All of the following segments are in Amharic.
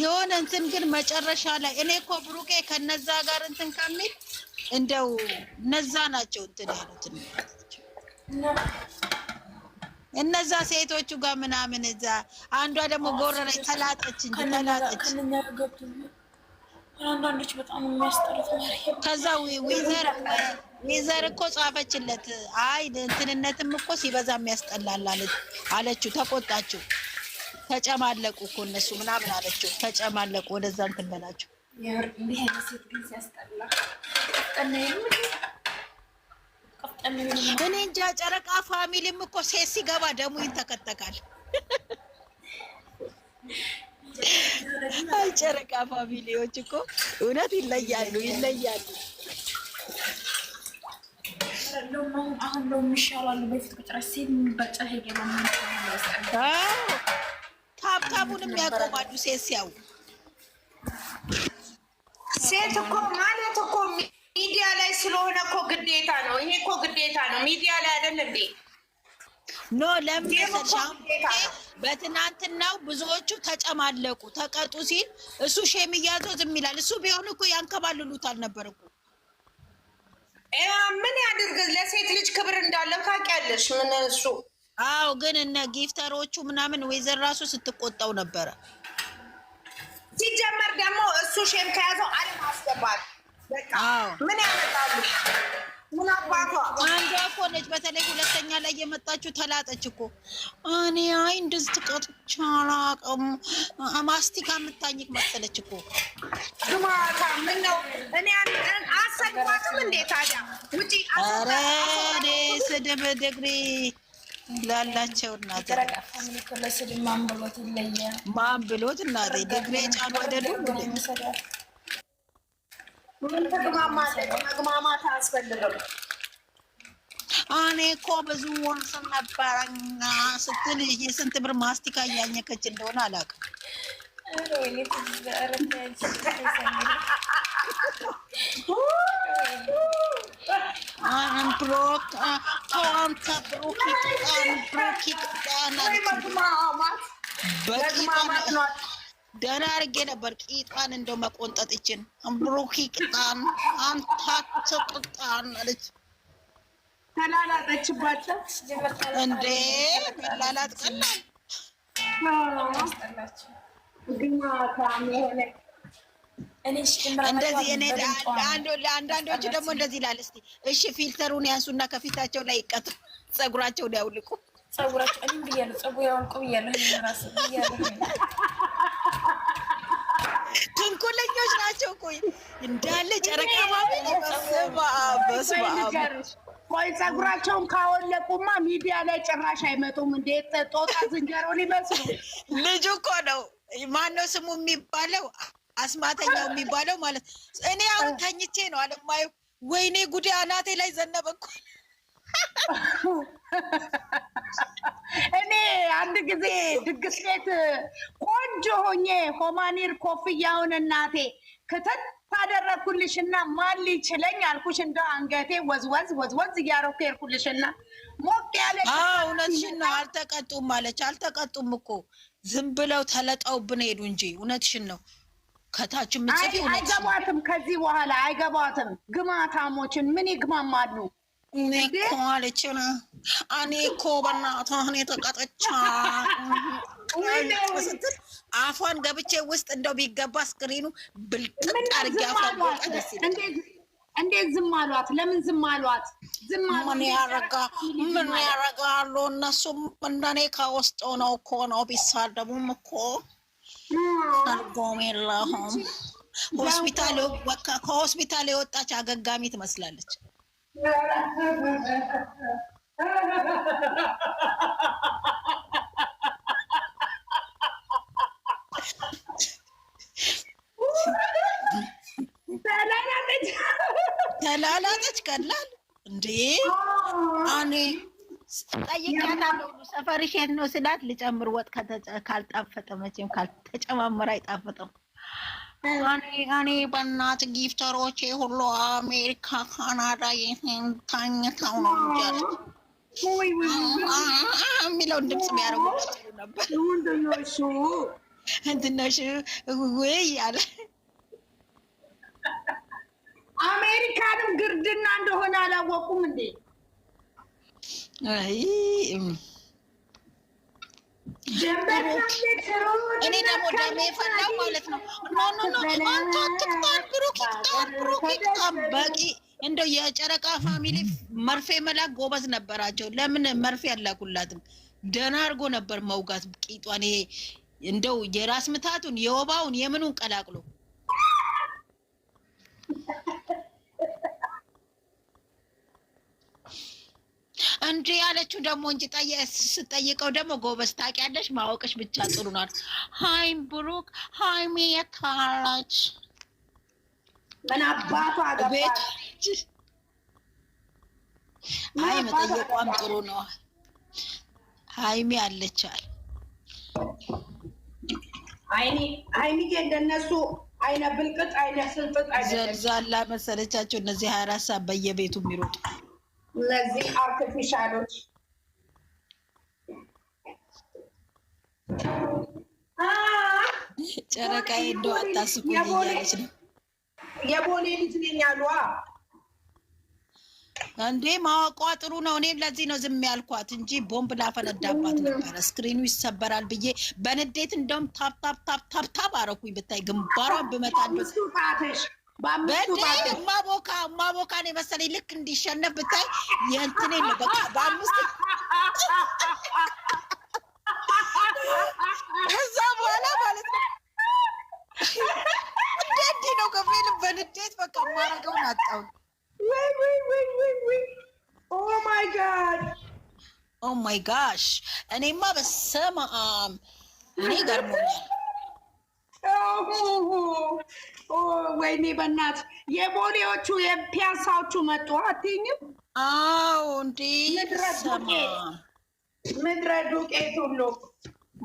የሆነ እንትን ግን መጨረሻ ላይ እኔ እኮ ብሩቄ ከነዛ ጋር እንትን ከሚል እንደው እነዛ ናቸው እንትን ያሉት እነዛ ሴቶቹ ጋር ምናምን እዛ አንዷ ደግሞ ጎረረች፣ ተላጠች እንጂ ተላጠች። ከዛ ዊዘር ሚዘር እኮ ጻፈችለት። አይ እንትንነትም እኮ ሲበዛ የሚያስጠላል አለችው። ተቆጣችው። ተጨማለቁ እኮ እነሱ ምናምን አለችው። ተጨማለቁ። ወደዛ እንትን በላቸው። እኔ እንጃ ጨረቃ ፋሚሊም እኮ ሴት ሲገባ ደሙ ይንተከተካል። አይ ጨረቃ ፋሚሊዎች እኮ እውነት ይለያሉ ይለያሉ። አሁን ነው የሚሻላሉ። በፊት ታብታቡንም ያቆማሉ። ሴት ሲያው ሴት እኮ ማለት እኮ ሚዲያ ላይ ስለሆነ እኮ ግዴታ ነው። ይሄ እኮ ግዴታ ነው። ሚዲያ ላይ አይደለም እንዴ? ኖ ለምሰሻ በትናንትናው ብዙዎቹ ተጨማለቁ ተቀጡ ሲል እሱ ሼም እያዞ ዝም ይላል። እሱ ቢሆን እኮ ያንከባልሉታል ነበር እኮ ምን ያድርግ? ለሴት ልጅ ክብር እንዳለው ታውቂያለሽ። ምን እሱ አዎ። ግን እነ ጊፍተሮቹ ምናምን ወይዘር ራሱ ስትቆጣው ነበረ። ሲጀመር ደግሞ እሱ ሼም ከያዘው አለም አስገባል። ምን ያመጣሉ? ምን አባቷ እኮ ነች። በተለይ ሁለተኛ ላይ የመጣችው ተላጠች እኮ። እኔ አይ እንደዚህ ትቀጥቻ አላውቅም። ማስቲካ የምታኝክ መሰለች እኮ ግማታ። ነው እኔ አሰድቧትም እንዴ ታዲያ? ውጪ ኧረ እኔ ስድብ ድግሪ ላላቸው እናቴ ማን ብሎት እናቴ ድግሪ ጫኑ አይደሉም ምን ተግማማ ተግማማ አያስፈልግም። እኔ እኮ ብዙ ወንስን ነበረና ስትል የስንት ብር ማስቲካ እያኘከች እንደሆነ አላውቅም። ደህና አድርጌ ነበር ቂጣን እንደው መቆንጠጥ ይችን ብሩኪ ቅጣን አንታቸው ቅጣን አለች። ተላላጠችባቸው እንዴ? ቢላላጥ ቀላል እንደዚህ እኔ ለአንዳንዶቹ ደግሞ እንደዚህ ይላል። እስኪ እሺ ፊልተሩን ያንሱና ከፊታቸው ላይ ይቀጥ ጸጉራቸውን ያውልቁ። ጸጉራቸው እኔም ብያለሁ፣ ያውልቁ ብያለሁ። ትንኮለኞች ናቸው እኮ እንዳለ ጨረቃ ማበል በስመ አብ ቆይ ፀጉራቸውን ካወለቁማ ሚዲያ ላይ ጭራሽ አይመጡም። እንዴት ጦጣ ዝንጀሮን ይመስሉ። ልጁ እኮ ነው ማነው ስሙ የሚባለው አስማተኛው የሚባለው ማለት እኔ አሁን ተኝቼ ነው አለማየ ወይኔ ጉዴ አናቴ ላይ ዘነበኩ። እኔ አንድ ጊዜ ድግስ ቤት ቆንጆ ሆኜ ሆማኒር ኮፍያውን እናቴ ክተት ካደረግኩልሽና ማን ሊችለኝ አልኩሽ። እንደ አንገቴ ወዝወዝ ወዝወዝ እያረኩ ሄድኩልሽና ሞቅ ያለ እውነትሽን ነው። አልተቀጡም አለች። አልተቀጡም እኮ ዝም ብለው ተለጠውብን ሄዱ እንጂ እውነትሽን ነው። ከታች ምጽፊ አይገባትም። ከዚህ በኋላ አይገባትም። ግማታሞችን ምን ይግማማሉ? እኔ እኮ አለች። እኔ እኮ በእናትህ እኔ ተቀጠቻ ስትል አፏን ገብቼ ውስጥ እንደው ቢገባ ስክሪኑ ብልጥጥ አድርጌ አፏን ወጣ ደስ ይላል። እንዴት ዝም አሏት? ለምን ዝም አሏት? ዝም ምን ያረጋ ምን ያረጋሉ? እነሱም እንደኔ ከውስጡ ነው እኮ ነው ቢሳደቡም እኮ አድርጎም የለሁም። ሆስፒታል ከሆስፒታል የወጣች አገጋሚ ትመስላለች። ይቀላል እንዴ? እኔ ጠይቄያታለሁ። ሰፈርሽ የት ነው ስላት ልጨምር ወጥ ካልጣፈጠ መቼም ካልተጨማመረ አይጣፍጥም። እኔ በእናት ጊፍተሮቼ ሁሉ አሜሪካ፣ ካናዳ ታኝተው ነው የሚለውን ድምፅ ቢያደርጉ ነበር። ምንድነሽ ወይ አለ አሜሪካንም ግርድና እንደሆነ አላወቁም እንዴ? አይ እኔ ደግሞ ደሜ ማለት ነው። ኖ ኖ ኖ ብሩክ ብሩክ በቂ እንደው የጨረቃ ፋሚሊ መርፌ መላክ ጎበዝ ነበራቸው። ለምን መርፌ አላኩላትም? ደህና አድርጎ ነበር መውጋት ቂጧን። ይሄ እንደው የራስ ምታቱን የወባውን የምኑን ቀላቅሎ እንጂ ያለችው ደግሞ እንጂ ስጠይቀው ደግሞ ጎበዝ ታውቂያለሽ፣ ማወቅሽ ብቻ ጥሩ ናት። ሀይም ብሩክ ሀይሜ የታራች ምን አባቷ ቤት አይ መጠየቋም ጥሩ ነው። ሀይሚ አለቻል ሀይሚ እንደነሱ አይነ ብልቅጥ አይነ ስልጥጥ ዘልዛላ መሰለቻቸው እነዚህ ሀያ አራት ሰዓት በየቤቱ የሚሮጡ እነዚህ አርቲፊሻሎች ጨረቃ ሄዶ አታስቡ የቦሌ ልጅ ነኝ አሉ እንዴ! ማወቋ ጥሩ ነው። እኔ ለዚህ ነው ዝም ያልኳት እንጂ ቦምብ ላፈነዳባት ነበረ። ስክሪኑ ይሰበራል ብዬ በንዴት እንደውም ታፕ ታፕ ታፕ ታፕ አረኩኝ። ብታይ ግንባሯን ብመታ ማቦካ ማቦካን የመሰለኝ ልክ እንዲሸነፍ ብታይ የእንትን የለ በቃ በአምስት ከዛ በኋላ ማለት ነው እንደዚህ ነው ከፌል በንዴት በቃ ማረገውን አጣው። ኦ ማይ ጋሽ እኔማ በስመ አብ እኔ ገርሞኛል። ወይኔ በእናት የቦሌዎቹ የፒያሳዎቹ መጡ አትይኝም? አዎ እንዴ ምድረ ዱቄት ሁሉ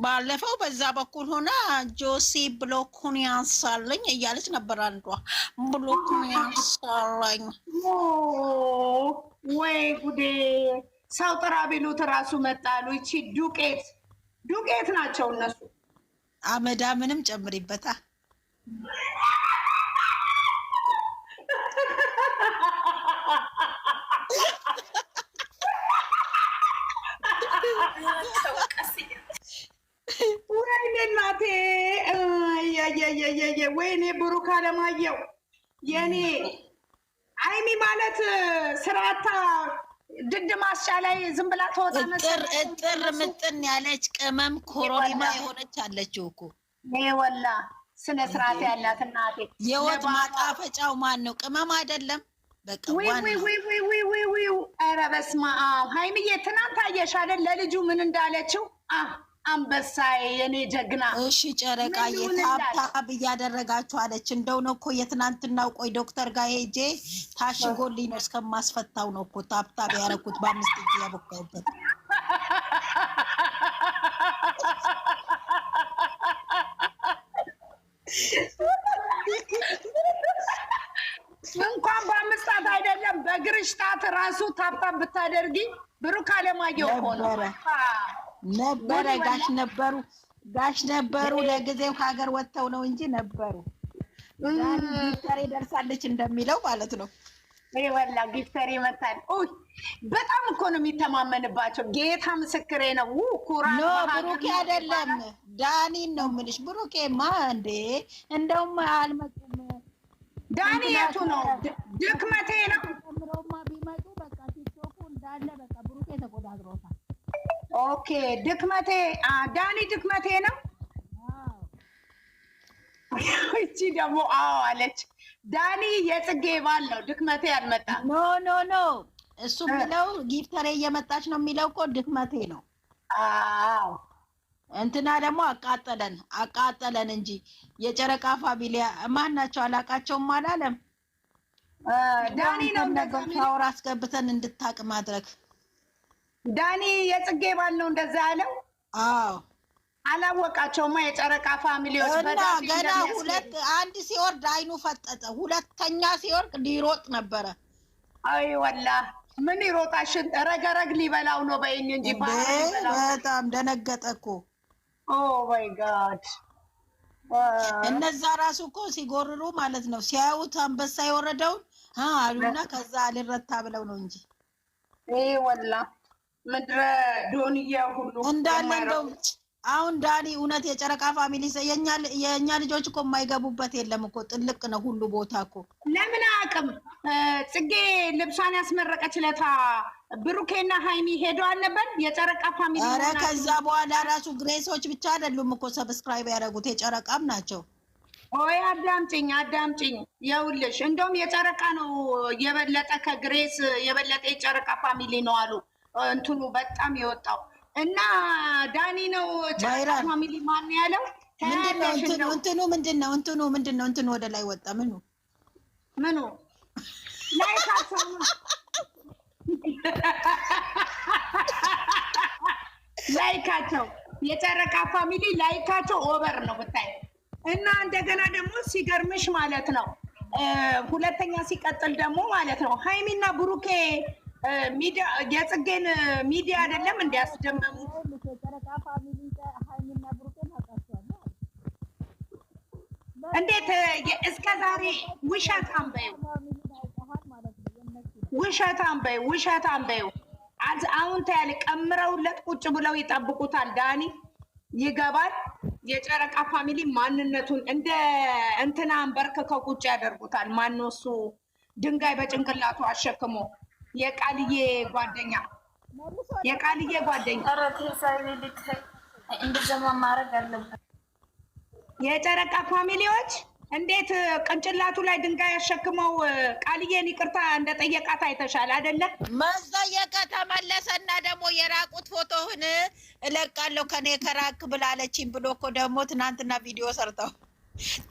ባለፈው በዛ በኩል ሆና ጆሲ ብሎኩን ያንሳለኝ እያለች ነበር። አንዷ ብሎኩን ያንሳለኝ ወይ ጉዴ! ሰው ጥራ ቢሉት ራሱ መጣሉ። ይቺ ዱቄት ዱቄት ናቸው እነሱ። አመዳ ምንም ጨምሪበታል ወይኔ እናቴ ወይኔ ብሩክ አለማየሁ የኔ አይሚ ማለት ስራታ ድድ ማስጫ ላይ ዝም ብላ ተወጣ መሰለኝ። እጥር ምጥን ያለች ቅመም ኮረሪማ የሆነች አለችው እኮ ወላ ስነ ስርዓት ያላት እናቴ። የወጥ ማጣፈጫው ማን ነው? ቅመም አይደለም። በቃ ኧረ በስመ አብ ትናንት አየሽ አይደል ለልጁ ምን እንዳለችው አንበሳዬ የኔ ጀግና እሺ፣ ጨረቃዬ ታብታብ እያደረጋችሁ አለች። እንደው ነው እኮ የትናንትናው። ቆይ ዶክተር ጋር ሄጄ ታሽጎልኝ ነው እስከማስፈታው ነው እኮ ታብታብ ያደረኩት በአምስት እጅ ያቦካሁበት። እንኳን በአምስት ሰዓት አይደለም በግርሽ ጣት ራሱ ታብታብ ብታደርጊ ብሩክ አለማየሁ ሆነ ነበረ ጋሽ ነበሩ ጋሽ ነበሩ ለጊዜው ከሀገር ወጥተው ነው እንጂ ነበሩ። ጊፍተሬ ደርሳለች እንደሚለው ማለት ነው። ወላ ጊፍተሬ መታል። በጣም እኮ ነው የሚተማመንባቸው። ጌታ ምስክሬ ነው። ኩራ ብሩኬ አይደለም ዳኒን ነው የምልሽ። ብሩኬማ እንዴ እንደውም አልመጡም። ዳኒ የቱ ነው ድክመቴ ነው ኦኬ ድክመቴ ዳኒ ድክመቴ ነው። እቺ ደግሞ አዎ አለች። ዳኒ የጽጌ ባል ነው። ድክመቴ አልመጣ ኖ ኖ ኖ እሱ የሚለው ጊፍተሬ እየመጣች ነው የሚለው እኮ ድክመቴ ነው። አዎ እንትና ደግሞ አቃጠለን አቃጠለን እንጂ የጨረቃ ፋሚሊያ ማን ናቸው አላቃቸውም አላለም። ዳኒ ነው ነገር ታወራ አስገብተን እንድታቅ ማድረግ ዳኒ የጽጌ ባል ነው እንደዛ ያለው? አላወቃቸውማ። የጨረቃ ፋሚሊዎች እና ገና ሁለት አንድ ሲወርድ አይኑ ፈጠጠ፣ ሁለተኛ ሲወርቅ ሊሮጥ ነበረ። አይ ወላ ምን ይሮጣሽን? ረገረግ ሊበላው ነው በይኝ እንጂ በጣም ደነገጠ እኮ። ኦ ማይ ጋድ እነዛ ራሱ እኮ ሲጎርሩ ማለት ነው ሲያዩት አንበሳ የወረደውን አሉና ከዛ አልረታ ብለው ነው እንጂ ወላ ምድረ ዶንያ ሁሉ እንዳለ እንደውም አሁን ዳኒ እውነት የጨረቃ ፋሚሊ የእኛ ልጆች እኮ የማይገቡበት የለም እኮ ጥልቅ ነው ሁሉ ቦታ እኮ ለምን አቅም ጽጌ ልብሷን ያስመረቀች ለታ ብሩኬና ሀይሚ ሄዶ አልነበር የጨረቃ ፋሚሊ ኧረ ከዛ በኋላ ራሱ ግሬሶች ብቻ አይደሉም እኮ ሰብስክራይብ ያደረጉት የጨረቃም ናቸው ኦይ አዳምጭኝ አዳምጭኝ የውልሽ እንደውም የጨረቃ ነው የበለጠ ከግሬስ የበለጠ የጨረቃ ፋሚሊ ነው አሉ እንትኑ በጣም የወጣው እና ዳኒ ነው ፋሚሊ ማን ያለው እንትኑ ምንድን ነው? እንትኑ ምንድን ነው? እንትኑ ወደ ላይ ወጣ። ምኑ ምኑ ላይ ላይካቸው የጨረቃ ፋሚሊ ላይካቸው ኦቨር ነው ብታይ እና እንደገና ደግሞ ሲገርምሽ ማለት ነው ሁለተኛ ሲቀጥል ደግሞ ማለት ነው ሀይሚና ብሩኬ የጽጌን ሚዲያ አይደለም እንዲያስደመሙ እንዴት እስከ ዛሬ ውሸታም በይው ውሸታም በይው ውሸታም በይው። አሁን ታያል ቀምረውለት ቁጭ ብለው ይጠብቁታል። ዳኒ ይገባል። የጨረቃ ፋሚሊ ማንነቱን እንደ እንትና አንበርክከው ቁጭ ያደርጉታል። ማነው እሱ ድንጋይ በጭንቅላቱ አሸክሞ የቃልዬ ጓደኛ የቃልዬ ጓደኛ እንደዚያማ ማድረግ አለብን። የጨረቃ ፋሚሊዎች እንዴት ቅንጭላቱ ላይ ድንጋይ አሸክመው ቃልዬን ይቅርታ እንደጠየቃት አይተሻል አይደለ? መዘየ ከተመለሰና ደግሞ የራቁት ፎቶህን እለቃለሁ ከኔ ከራክ ብላለችኝ ብሎ እኮ ደግሞ ትናንትና ቪዲዮ ሰርተው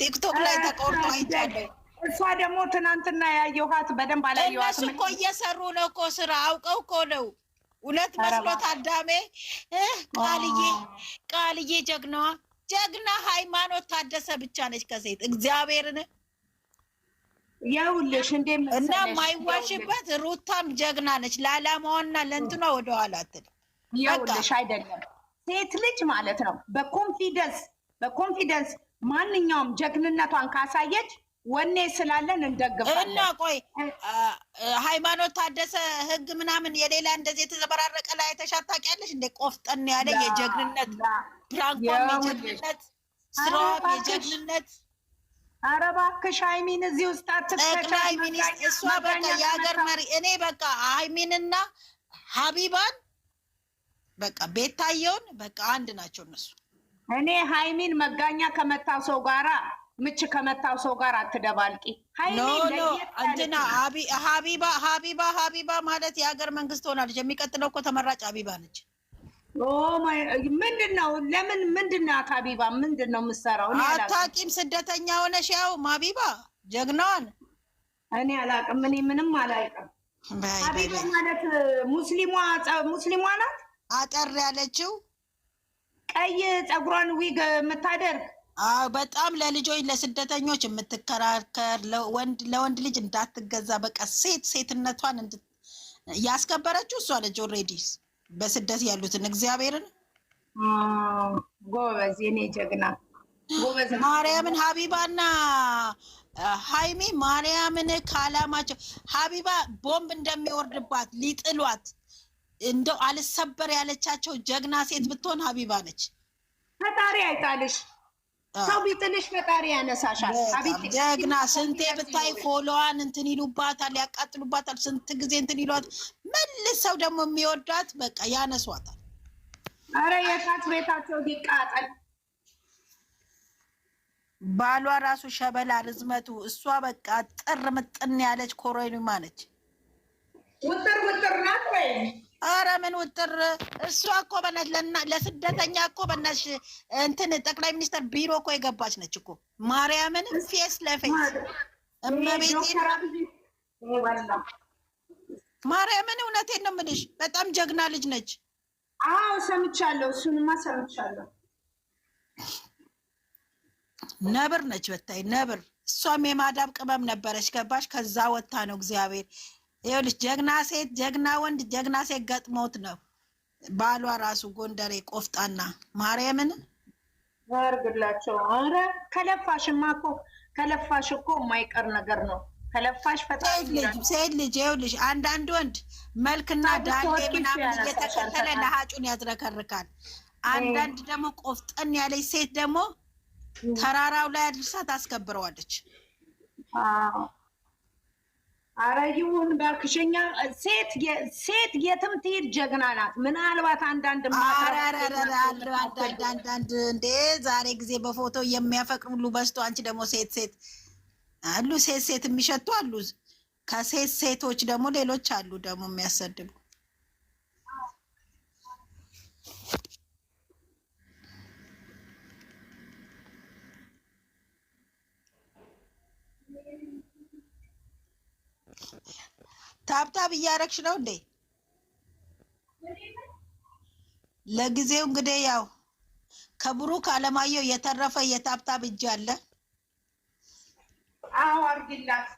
ቲክቶክ ላይ ተቆርጦ አይቻለሁ። እሷ ደግሞ ትናንትና ያየኋት በደንብ አላየኋት። እነሱ እኮ እየሰሩ ነው እኮ ስራ አውቀው እኮ ነው። እውነት መስሎት አዳሜ ቃልዬ ቃልዬ ጀግናዋ ጀግና ሃይማኖት ታደሰ ብቻ ነች ከሴት እግዚአብሔርን ያውልሽ እንዴ እና የማይዋሽበት ሩታም ጀግና ነች። ለአላማዋና ለእንትኗ ወደኋላ ያውልሽ አይደለም ሴት ልጅ ማለት ነው በኮንፊደንስ በኮንፊደንስ ማንኛውም ጀግንነቷን ካሳየች ወኔ ስላለን እንደግፋለን እና ቆይ ሃይማኖት ታደሰ ህግ ምናምን የሌላ እንደዚህ የተዘበራረቀ ላይ ተሻታቂ ያለሽ እንደ ቆፍጠን ያለ የጀግንነት ፕራንኳም የጀግንነት ስራም የጀግንነት ኧረ እባክሽ ሀይሚን እዚህ ውስጥ ጠቅላይ ሚኒስትር እሷ በቃ የሀገር መሪ እኔ በቃ ሀይሚንና ሀቢባን በቃ ቤታየውን በቃ አንድ ናቸው እነሱ። እኔ ሃይሚን መጋኛ ከመታው ሰው ጋራ ምች ከመታው ሰው ጋር አትደባልቂ። ሀቢባ ሀቢባ ሀቢባ ማለት የሀገር መንግስት ሆናለች። የሚቀጥለው እኮ ተመራጭ ሀቢባ ነች። ምንድን ነው ለምን ምንድን ናት ሀቢባ? ምንድን ነው የምትሰራው? አታቂም ስደተኛ ሆነሽ ያው ሀቢባ ጀግናዋን እኔ አላቅም። እኔ ምንም አላይቅም። ሀቢባ ማለት ሙስሊሟ ናት። አጠር ያለችው ቀይ ፀጉሯን ዊግ የምታደርግ በጣም ለልጆች ለስደተኞች የምትከራከር ለወንድ ልጅ እንዳትገዛ በቃ ሴት ሴትነቷን ያስከበረችው እሷ ልጅ ኦልሬዲ በስደት ያሉትን እግዚአብሔርን ጎበዝ፣ የኔ ጀግና ጎበዝ። ማርያምን ሀቢባና ሀይሚ ማርያምን ከአላማቸው ሀቢባ ቦምብ እንደሚወርድባት ሊጥሏት እንደው አልሰበር ያለቻቸው ጀግና ሴት ብትሆን ሀቢባ ነች። ፈጣሪ አይጣልሽ። ሰው ቢጥልሽ ፈጣሪ ያነሳሻል። ስንቴ ብታይ ፎሎዋን እንትን ይሉባታል፣ ያቃጥሉባታል። ስንት ጊዜ እንትን ይሏት ሰው ደግሞ የሚወዷት በቃ ያነሷታል። አረ የታት ቤታቸው ይቃጠል። ባሏ ራሱ ሸበላ ርዝመቱ፣ እሷ በቃ ጥር ምጥን ያለች ኮረኒማ ነች። ውጥር ውጥር ናት ወይ አረ ምን ውጥር እሷ እኮ በነሽ ለስደተኛ እኮ በነሽ እንትን ጠቅላይ ሚኒስትር ቢሮ እኮ የገባች ነች እኮ ማርያምን ፌስ ለፌስ እመቤቴ ማርያምን እውነቴን ነው የምልሽ። በጣም ጀግና ልጅ ነች። አዎ ሰምቻለሁ፣ እሱንማ ሰምቻለሁ። ነብር ነች፣ በታይ ነብር። እሷም የማዳብ ቅመም ነበረች። ገባሽ? ከዛ ወታ ነው እግዚአብሔር ይኸውልሽ ጀግና ሴት ጀግና ወንድ ጀግና ሴት ገጥሞት ነው ባሏ ራሱ ጎንደሬ ቆፍጣና ማርያምን አርግላቸው። አረ ከለፋሽማ እኮ ከለፋሽ እኮ የማይቀር ነገር ነው። ከለፋሽ ሴት ልጅ ይኸውልሽ፣ አንዳንድ ወንድ መልክና ዳሌ ምናምን እየተከተለ ለሀጩን ያዝረከርካል። አንዳንድ ደግሞ ቆፍጠን ያለች ሴት ደግሞ ተራራው ላይ አድርሳ ታስከብረዋለች። አረ ይሁን ባክሽኛ ሴት ሴት የትም ትሄድ ጀግና ናት። ምናልባት አንዳንድ አንዳንድ እንዴ ዛሬ ጊዜ በፎቶ የሚያፈቅር ሁሉ በስቶ አንቺ ደግሞ ሴት ሴት አሉ ሴት ሴት የሚሸቱ አሉ። ከሴት ሴቶች ደግሞ ሌሎች አሉ ደግሞ የሚያሰድቡ ታብታብ እያረግሽ ነው እንዴ? ለጊዜው እንግዲህ ያው ከብሩክ አለማየሁ የተረፈ የታብታብ እጅ አለ። አዎ አርግላት፣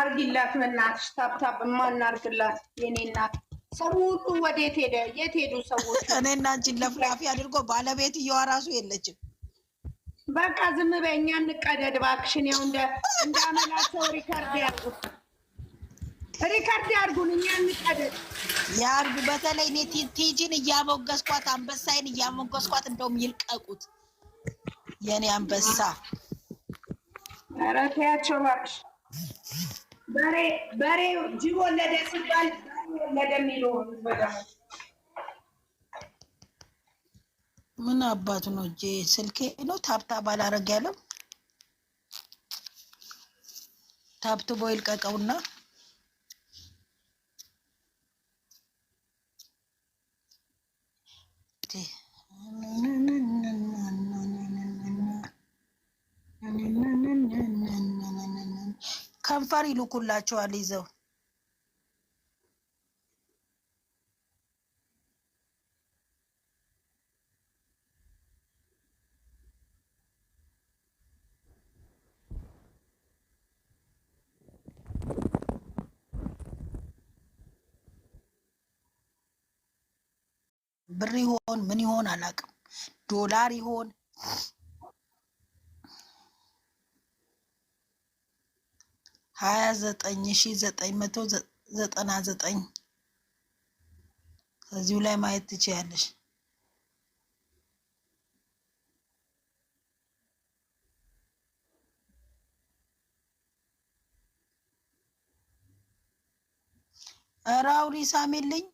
አርግላት በእናትሽ ታብታብ ማናርግላት የኔ እናት። ሰው ሁሉ ወዴት ሄደ? የት ሄዱ ሰዎች? እኔ እና አንቺን ለፍላፊ አድርጎ ባለቤት እየዋ ራሱ የለችም። በቃ ዝም በይ፣ እኛ እንቀደድ እባክሽን። ያው እንደ እንዳመላቸው ሪከርድ ያሉት ሪከርድ ያርጉን እኛ እንቀደል ያርጉ። በተለይ እኔ ቲጂን እያሞገስኳት አንበሳይን እያሞገስኳት እንደውም ይልቀቁት የኔ አንበሳ። ኧረ ተያቸው በሬ በሬ ጅብ ወለደ ሲባል ወለደ የሚሉ ምን አባቱ ነው? እጄ ስልኬ ነው ታብታ ባላረግ ያለው ታብቶ ቦይል ቀቀውና አፋር ይልኩላቸዋል ይዘው ብር ይሆን ምን ይሆን አላውቅም። ዶላር ይሆን ሀያ ዘጠኝ ሺ ዘጠኝ መቶ ዘጠና ዘጠኝ ከዚሁ ላይ ማየት ትችያለሽ። ኧረ አውሪ